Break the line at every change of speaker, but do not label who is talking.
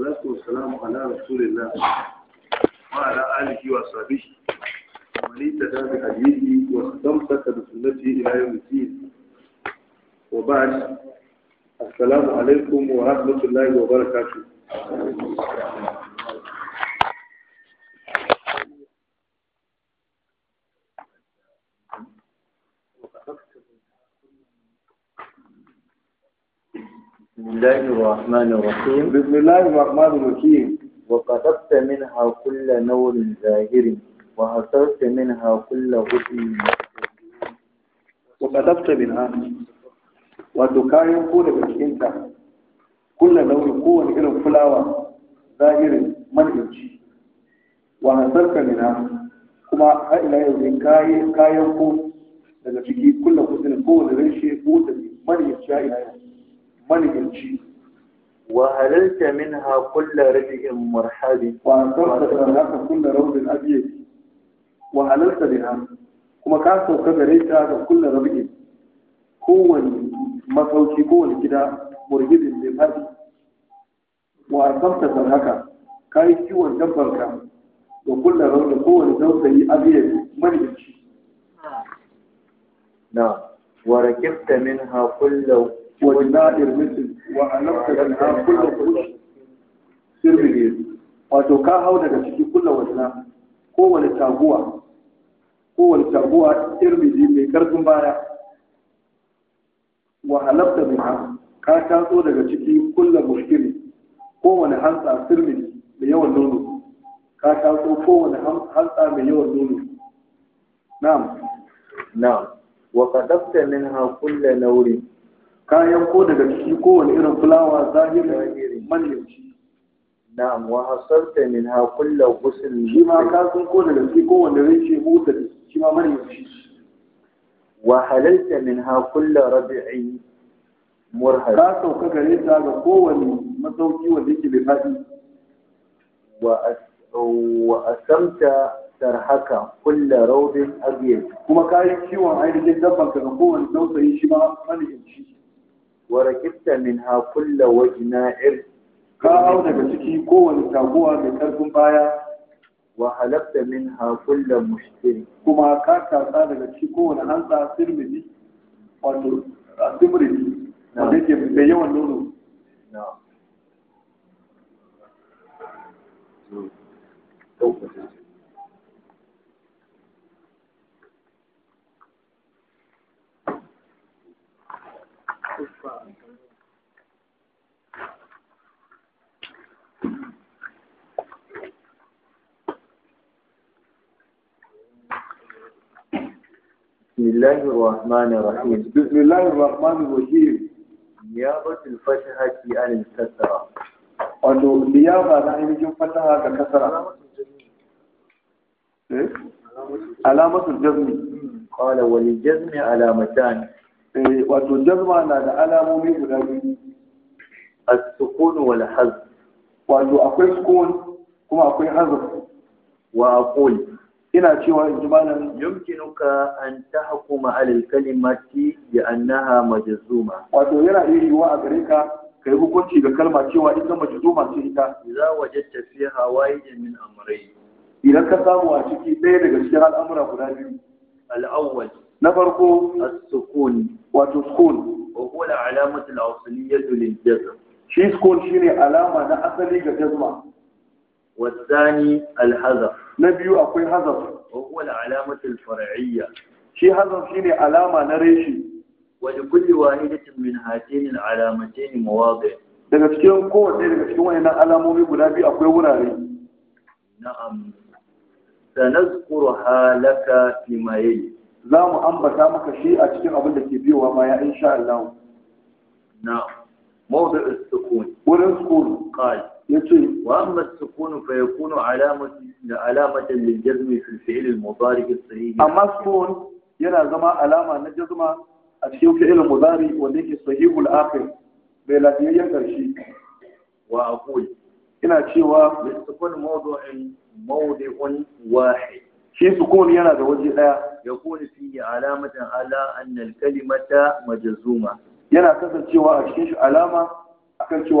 salatu wassalamu ala rasulillah wa ala alihi wa sahbihi wa li tadabi hadithi wa istamsaka ila yawm al-din wa ba'd assalamu alaykum wa rahmatullahi wa barakatuh بسم الله الرحمن الرحيم بسم الله الرحمن الرحيم وقطفت منها كل نور زاهر wato kayan ko daga cikinta kulla launi kowane irin fulawa zahirin manhajji wa hasarka mina kuma a ila yau ne kayan ko daga ciki kulla kusurin kowane rashe ko da manhajji a manigilci wahalarta min ha kulla rikin Wa wahalarta da ha kuma ka sauka gare ta da kulla rabin kowane masauki kowane gida murgidin mai fadi wa asabta da haka ka yi kiwon dabbarka ga kulla rabin kowane sausayi abiyar manigilci na wa rakifta min ha kulla وجناء المثل وأنفت منها كل قدس سربه wato ka hau daga ciki kulla wajena kowane taguwa kowane taguwa irmiji mai karfin baya wa halafta min ha ka taso daga ciki kulla mushkili kowane hantsa sirmiji da yawan nono ka taso kowane hantsa mai yawan nono na'am na'am wa kadafta min ha kulla kayan ko daga ciki kowane irin fulawa zahiri manyanci na'am wa hasarta min ha kulla gusul shi ma ka sun ko daga ciki kowane rinci hutar shi ma manyanci wa halalta min ha kulla rabi'i murhal ka sauka gare ta ga kowane masauki wanda yake bai fadi wa wa asamta tarhaka kulla rawdin abyad kuma kai ciwon ainihin dabban ka ga kowane dausayi shi ma shi. wa rakibta minha kulla wajna'ir ka hau daga ciki kowane taguwa mai karfin baya wa halabta minha kulla mushtiri kuma ka tatsa daga ciki kowane hantsa sirmidi wato sirmidi wanda yake da yawan nono بسم الله الرحمن الرحيم بسم الله الرحمن الرحيم نيابة الفتحة عن الكسرة wato liyafa na ainihin fataha ga kasara eh? alamatul jazmi qala wal jazmi alamatan eh, wato jazma na da alamomi guda biyu as-sukun wal wato akwai sukun kuma akwai hazf wa ina cewa in ji malam yumkinuka an tahkuma alal kalimati bi annaha majzuma wato yana iya yiwuwa a gare ka kai hukunci ga kalma cewa ita majzuma ce ita idza wajadta fiha wahidan min amrayn idan ka samu a ciki ɗaya daga cikin al'amura guda biyu Al'awwal. na farko as-sukun wato sukun wa huwa al al-asliyyah lil-jazm shi sukun shine alama na asali ga jazma wa thani al-hazf na biyu akwai hazaf wa huwa al-alamat al-far'iyya shi hazaf shine alama na reshi wa li kulli wahidatin min hatin al-alamatin mawadi' daga cikin kowace daga cikin wayannan alamomi guda biyu akwai wurare na'am sanazkuruha halaka fi ma yayi za mu ambata maka shi a cikin abin da ke biyowa baya insha Allah na mawdi'us sukun wurin sukun qal يتي وأما السكون فيكون علامة علامة للجزم yana zama المضارع na أما a cikin زما علامة الجزم wanda فعل المضارع وليك صحيح الآخر بلا ينكر شيء وأقول ina cewa sukun mawdu'in mawdu'un wahid shi sukun yana da waje daya ya kuni fihi alamatan ala anna al-kalimata majzuma yana kasancewa a cikin shi alama akan cewa